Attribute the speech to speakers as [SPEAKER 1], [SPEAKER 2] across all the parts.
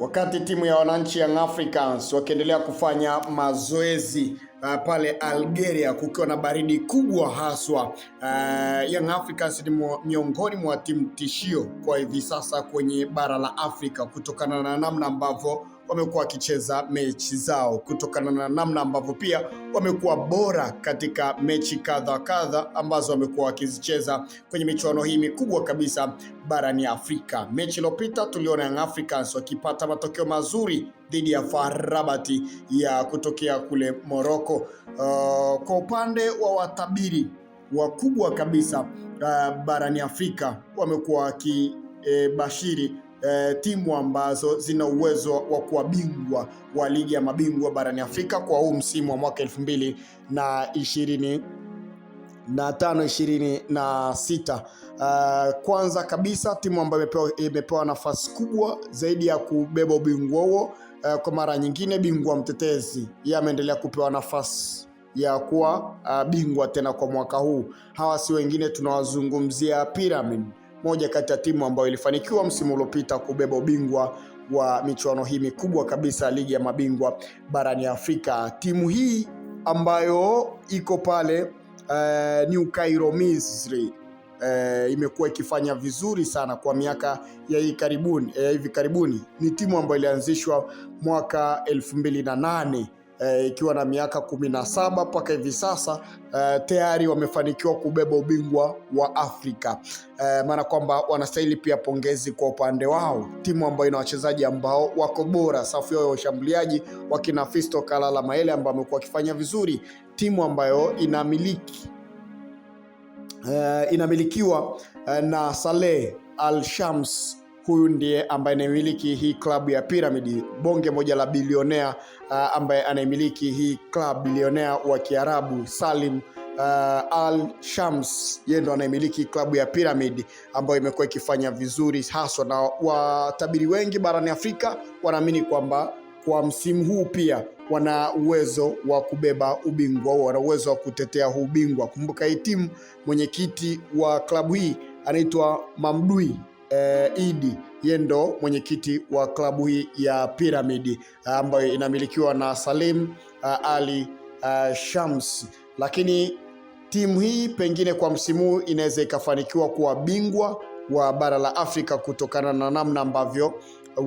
[SPEAKER 1] Wakati timu ya wananchi Young Africans wakiendelea kufanya mazoezi uh, pale Algeria kukiwa na baridi kubwa haswa, uh, Young Africans ni miongoni mwa timu tishio kwa hivi sasa kwenye bara la Afrika kutokana na namna ambavyo wamekuwa wakicheza mechi zao kutokana na namna ambavyo pia wamekuwa bora katika mechi kadha kadha ambazo wamekuwa wakizicheza kwenye michuano hii mikubwa kabisa barani Afrika. Mechi iliyopita tuliona Young Africans wakipata matokeo mazuri dhidi ya FAR Rabat ya kutokea kule Morocco. Uh, kwa upande wa watabiri wakubwa kabisa uh, barani Afrika wamekuwa wakibashiri eh, timu ambazo zina uwezo wa kuwa bingwa wa ligi ya mabingwa barani Afrika kwa huu msimu wa mwaka elfu mbili na ishirini na tano ishirini na sita. Uh, kwanza kabisa timu ambayo imepewa nafasi kubwa zaidi ya kubeba ubingwa huo uh, kwa mara nyingine, bingwa mtetezi yeye ameendelea kupewa nafasi ya kuwa uh, bingwa tena kwa mwaka huu. Hawa si wengine, tunawazungumzia Pyramid moja kati ya timu ambayo ilifanikiwa msimu uliopita kubeba ubingwa wa michuano hii mikubwa kabisa ligi ya mabingwa barani Afrika. Timu hii ambayo iko pale uh, New Cairo Misri uh, imekuwa ikifanya vizuri sana kwa miaka ya hivi karibuni, ya eh, hivi karibuni. Ni timu ambayo ilianzishwa mwaka elfu mbili na nane eh, ikiwa na miaka kumi na saba mpaka hivi sasa eh, tayari wamefanikiwa kubeba ubingwa wa Afrika eh, maana kwamba wanastahili pia pongezi kwa upande wao, timu ambayo ina wachezaji ambao wako bora, safu yao ya washambuliaji wakina Fisto Kalala Maele ambao amekuwa akifanya vizuri, timu ambayo inamiliki eh, inamilikiwa eh, na Saleh Al Shams huyu ndiye ambaye anaimiliki hii klabu ya Piramidi, bonge moja la bilionea uh, ambaye anaimiliki hii klabu bilionea wa Kiarabu Salim uh, Al Shams, yeye ndo anaimiliki klabu ya Pyramid ambayo imekuwa ikifanya vizuri haswa, na watabiri wengi barani Afrika wanaamini kwamba kwa msimu huu pia wana uwezo wa kubeba ubingwa au wana uwezo wa kutetea huu ubingwa. Kumbuka hii timu, mwenyekiti wa klabu hii anaitwa Mamdui eh, Idi yeye ndo mwenyekiti wa klabu hii ya Piramidi ambayo inamilikiwa na Salim uh, Ali uh, Shams. Lakini timu hii pengine kwa msimu huu inaweza ikafanikiwa kuwa bingwa wa bara la Afrika kutokana na namna ambavyo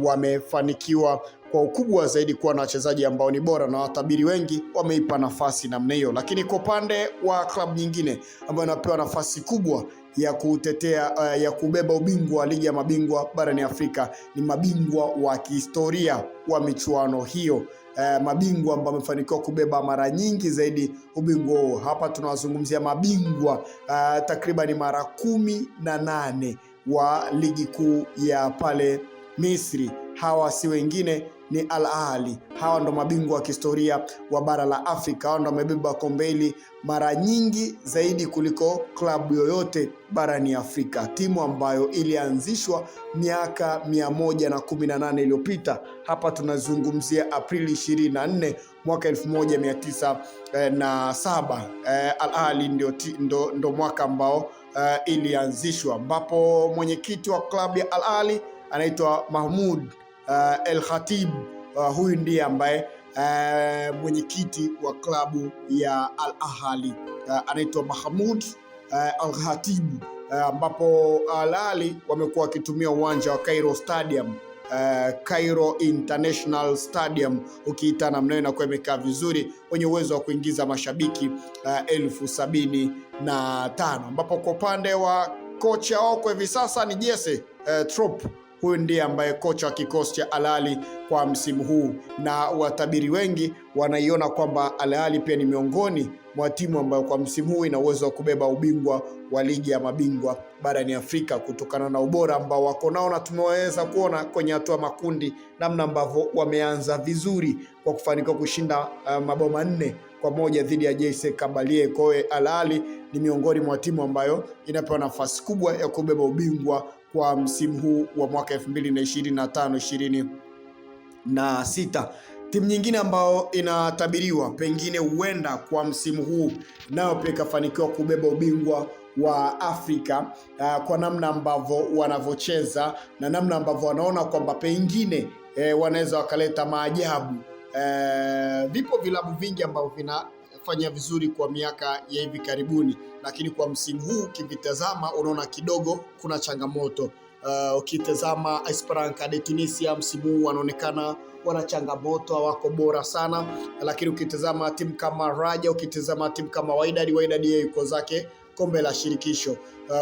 [SPEAKER 1] wamefanikiwa kwa ukubwa zaidi kuwa na wachezaji ambao ni bora na watabiri wengi wameipa nafasi namna hiyo, lakini kwa upande wa klabu nyingine ambayo inapewa nafasi kubwa ya kutetea uh, ya kubeba ubingwa wa ligi ya mabingwa barani Afrika ni mabingwa wa kihistoria wa michuano hiyo, uh, mabingwa ambao wamefanikiwa kubeba mara nyingi zaidi ubingwa huo. Hapa tunawazungumzia mabingwa uh, eh, takriban mara kumi na nane wa ligi kuu ya pale Misri. Hawa si wengine ni Al Ahly. Hawa ndo mabingwa wa kihistoria wa bara la Afrika. Hawa ndo wamebeba kombe hili mara nyingi zaidi kuliko klabu yoyote barani Afrika, timu ambayo ilianzishwa miaka 118 iliyopita. Hapa tunazungumzia Aprili 24 mwaka 1907. Eh, eh, Al Ahly ndio, ndo, ndo mwaka ambao eh, ilianzishwa ambapo mwenyekiti wa klabu ya Al Ahly anaitwa Mahmoud uh, El Khatib uh, huyu ndiye ambaye uh, mwenyekiti wa klabu ya Al Ahli uh, anaitwa Mahamud uh, Al Khatib ambapo uh, Al Ahli wamekuwa wakitumia uwanja wa Cairo Stadium Uh, Cairo International Stadium ukiita namna hiyo inakuwa imekaa vizuri, wenye uwezo wa kuingiza mashabiki uh, elfu sabini na tano ambapo kwa upande wa kocha wako hivi sasa ni Jesse uh, Trop Huyu ndiye ambaye kocha wa kikosi cha Al Ahly kwa msimu huu, na watabiri wengi wanaiona kwamba Al Ahly pia ni miongoni mwa timu ambayo kwa msimu huu ina uwezo wa kubeba ubingwa wa ligi ya mabingwa barani Afrika kutokana na ubora ambao wako nao, na tumeweza kuona kwenye hatua makundi namna ambavyo wameanza vizuri kwa kufanikiwa kushinda uh, mabao manne kwa moja dhidi ya JS Kabylie. Kwa hiyo Al Ahly ni miongoni mwa timu ambayo inapewa nafasi kubwa ya kubeba ubingwa kwa msimu huu wa mwaka 2025 sita. Timu nyingine ambayo inatabiriwa pengine huenda kwa msimu huu nayo pia ikafanikiwa kubeba ubingwa wa Afrika uh, kwa namna ambavyo wanavyocheza na namna ambavyo wanaona kwamba pengine eh, wanaweza wakaleta maajabu. Eh, vipo vilabu vingi ambavyo vina fanya vizuri kwa miaka ya hivi karibuni, lakini kwa msimu huu ukivitazama, unaona kidogo kuna changamoto. Uh, ukitazama Esperance de Tunisia msimu huu wanaonekana wana changamoto, hawako bora sana, lakini ukitazama timu kama Raja, ukitazama timu kama Wydad, Wydad yeye yuko zake kombe la shirikisho.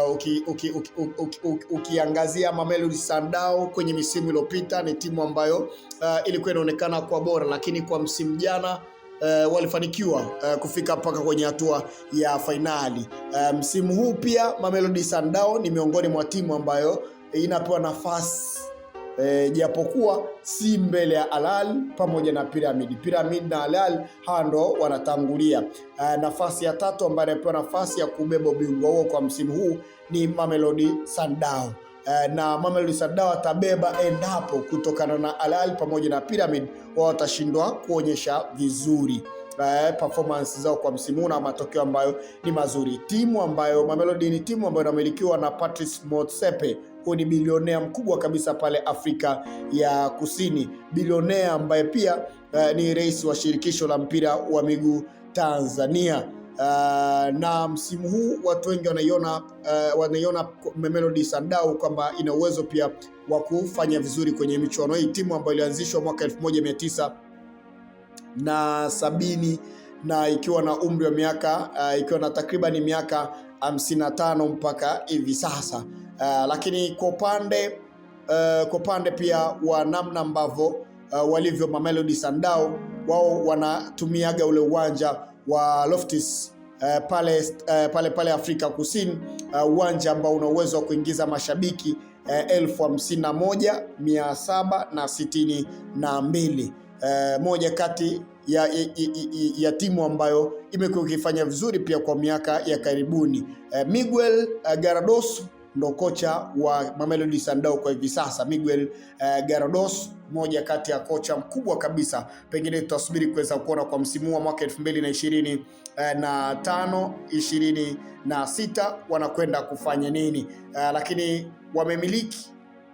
[SPEAKER 1] Uh, uki, uki, uki, uki, uki, ukiangazia Mamelodi Sundowns kwenye misimu iliyopita ni timu ambayo uh, ilikuwa inaonekana kwa bora, lakini kwa msimu jana uh, walifanikiwa uh, kufika mpaka kwenye hatua ya fainali eh, msimu um, huu. Pia Mamelodi Sundowns ni miongoni mwa timu ambayo inapewa nafasi japokuwa e, si mbele ya Alal pamoja na Pyramid. Pyramid na Alal hawa ndo wanatangulia. E, nafasi ya tatu ambayo inapewa nafasi ya kubeba ubingwa huo kwa msimu huu ni Mamelodi Sundowns. Eh, na Mamelodi Sundowns watabeba endapo kutokana na Al Ahly pamoja na Pyramid wao watashindwa kuonyesha vizuri eh, performance zao kwa msimu na matokeo ambayo ni mazuri. Timu ambayo Mamelodi ni timu ambayo inamilikiwa na Patrice Motsepe, huyu ni bilionea mkubwa kabisa pale Afrika ya Kusini, bilionea ambaye pia eh, ni rais wa shirikisho la mpira wa miguu Tanzania. Uh, na msimu huu watu wengi wanaiona uh, wanaiona Mamelodi Sundowns kwamba ina uwezo pia wa kufanya vizuri kwenye michuano hii, timu ambayo ilianzishwa mwaka 1900 na sabini na ikiwa na umri wa miaka uh, ikiwa na takriban miaka 55 mpaka hivi sasa uh, lakini kwa upande uh, kwa upande pia wa namna ambavyo uh, walivyo Mamelodi Sundowns wao wanatumiaga ule uwanja wa Loftus Uh, pale, uh, pale pale Afrika Kusini eh, uwanja ambao una uwezo wa kuingiza mashabiki uh, elfu hamsini na moja mia saba na sitini na mbili uh, moja kati ya, ya, ya, ya timu ambayo imekuwa ikifanya vizuri pia kwa miaka ya karibuni uh, Miguel uh, Garados ndo kocha wa Mamelodi Sundowns kwa hivi sasa, Miguel uh, eh, Garados, moja kati ya kocha mkubwa kabisa, pengine tutasubiri kuweza kuona kwa msimu wa mwaka 2025 uh, eh, sita wanakwenda kufanya nini uh, lakini wamemiliki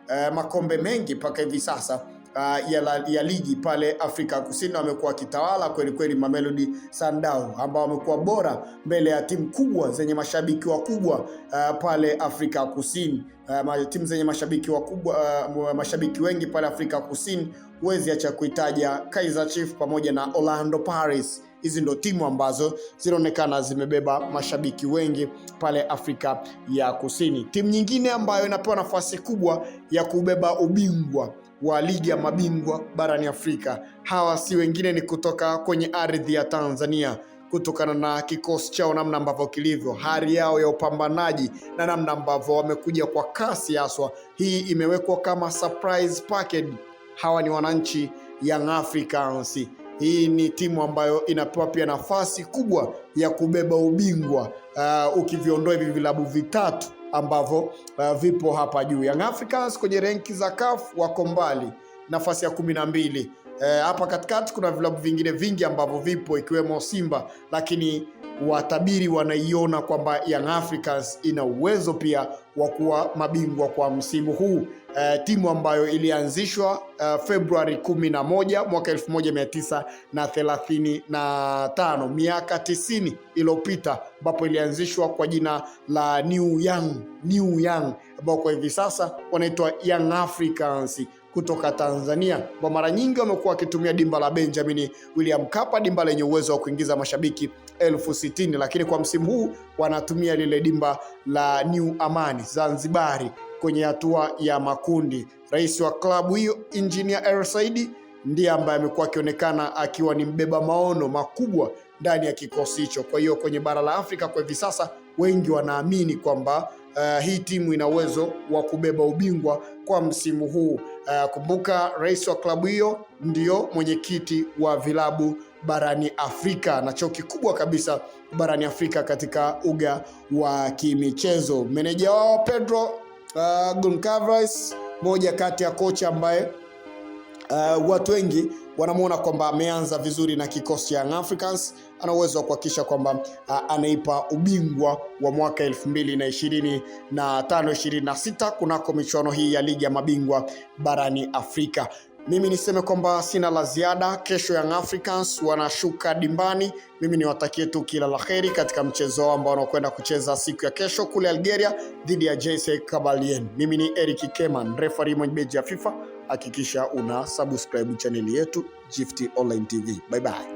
[SPEAKER 1] uh, makombe mengi mpaka hivi sasa uh, ya, la, ya ligi pale Afrika Kusini, wamekuwa wakitawala kweli kweli Mamelodi Sundowns ambao wamekuwa bora mbele ya timu kubwa zenye mashabiki wakubwa uh, pale Afrika Kusini. Uh, timu zenye mashabiki wakubwa uh, mashabiki wengi pale Afrika Kusini, huwezi acha kuitaja Kaizer Chiefs pamoja na Orlando paris Hizi ndo timu ambazo zinaonekana zimebeba mashabiki wengi pale Afrika ya Kusini. Timu nyingine ambayo inapewa nafasi kubwa ya kubeba ubingwa wa ligi ya mabingwa barani Afrika. Hawa si wengine, ni kutoka kwenye ardhi ya Tanzania kutokana na kikosi chao namna ambavyo kilivyo, hali yao ya upambanaji na namna ambavyo wamekuja kwa kasi haswa. Hii imewekwa kama surprise package. Hawa ni wananchi Young Africans. Hii ni timu ambayo inapewa pia nafasi kubwa ya kubeba ubingwa uh, ukiviondoa hivi vilabu vitatu ambavyo uh, vipo hapa juu. Young Africans kwenye renki za CAF wako mbali nafasi ya kumi na mbili. Eh, hapa e, katikati kuna vilabu vingine vingi ambavyo vipo ikiwemo Simba, lakini watabiri wanaiona kwamba Young Africans ina uwezo pia wa kuwa mabingwa kwa msimu huu. E, timu ambayo ilianzishwa e, Februari 11 mwaka 1935 miaka 90 iliyopita, ambapo ilianzishwa kwa jina la New Young, New Young ambao kwa hivi sasa wanaitwa Young Africans kutoka Tanzania Kwa mara nyingi wamekuwa wakitumia dimba la Benjamin William Mkapa, dimba lenye uwezo wa kuingiza mashabiki elfu sitini lakini kwa msimu huu wanatumia lile dimba la New Amani Zanzibari kwenye hatua ya makundi. Rais wa klabu hiyo Engineer El Saidi ndiye ambaye amekuwa akionekana akiwa ni mbeba maono makubwa ndani ya kikosi hicho. Kwa hiyo kwenye bara la Afrika kwa hivi sasa wengi wanaamini kwamba uh, hii timu ina uwezo wa kubeba ubingwa kwa msimu huu. Uh, kumbuka rais wa klabu hiyo ndio mwenyekiti wa vilabu barani Afrika na cheo kikubwa kabisa barani Afrika katika uga wa kimichezo. Meneja wao Pedro uh, Goncalves, moja kati ya kocha ambaye Uh, watu wengi wanamuona kwamba ameanza vizuri na kikosi cha Young Africans, ana uwezo wa kuhakikisha kwamba uh, anaipa ubingwa wa mwaka 2025 26 kunako michuano hii ya ligi ya mabingwa barani Afrika. Mimi niseme kwamba sina la ziada. Kesho Young Africans wanashuka dimbani. Mimi niwatakie tu kila la heri katika mchezo ambao wanakwenda kucheza siku ya kesho kule Algeria dhidi ya JS Kabylie. Mimi ni Eric Keman, referee mwenyeji ya FIFA hakikisha una subscribe chaneli yetu Gift Online TV. Bye bye.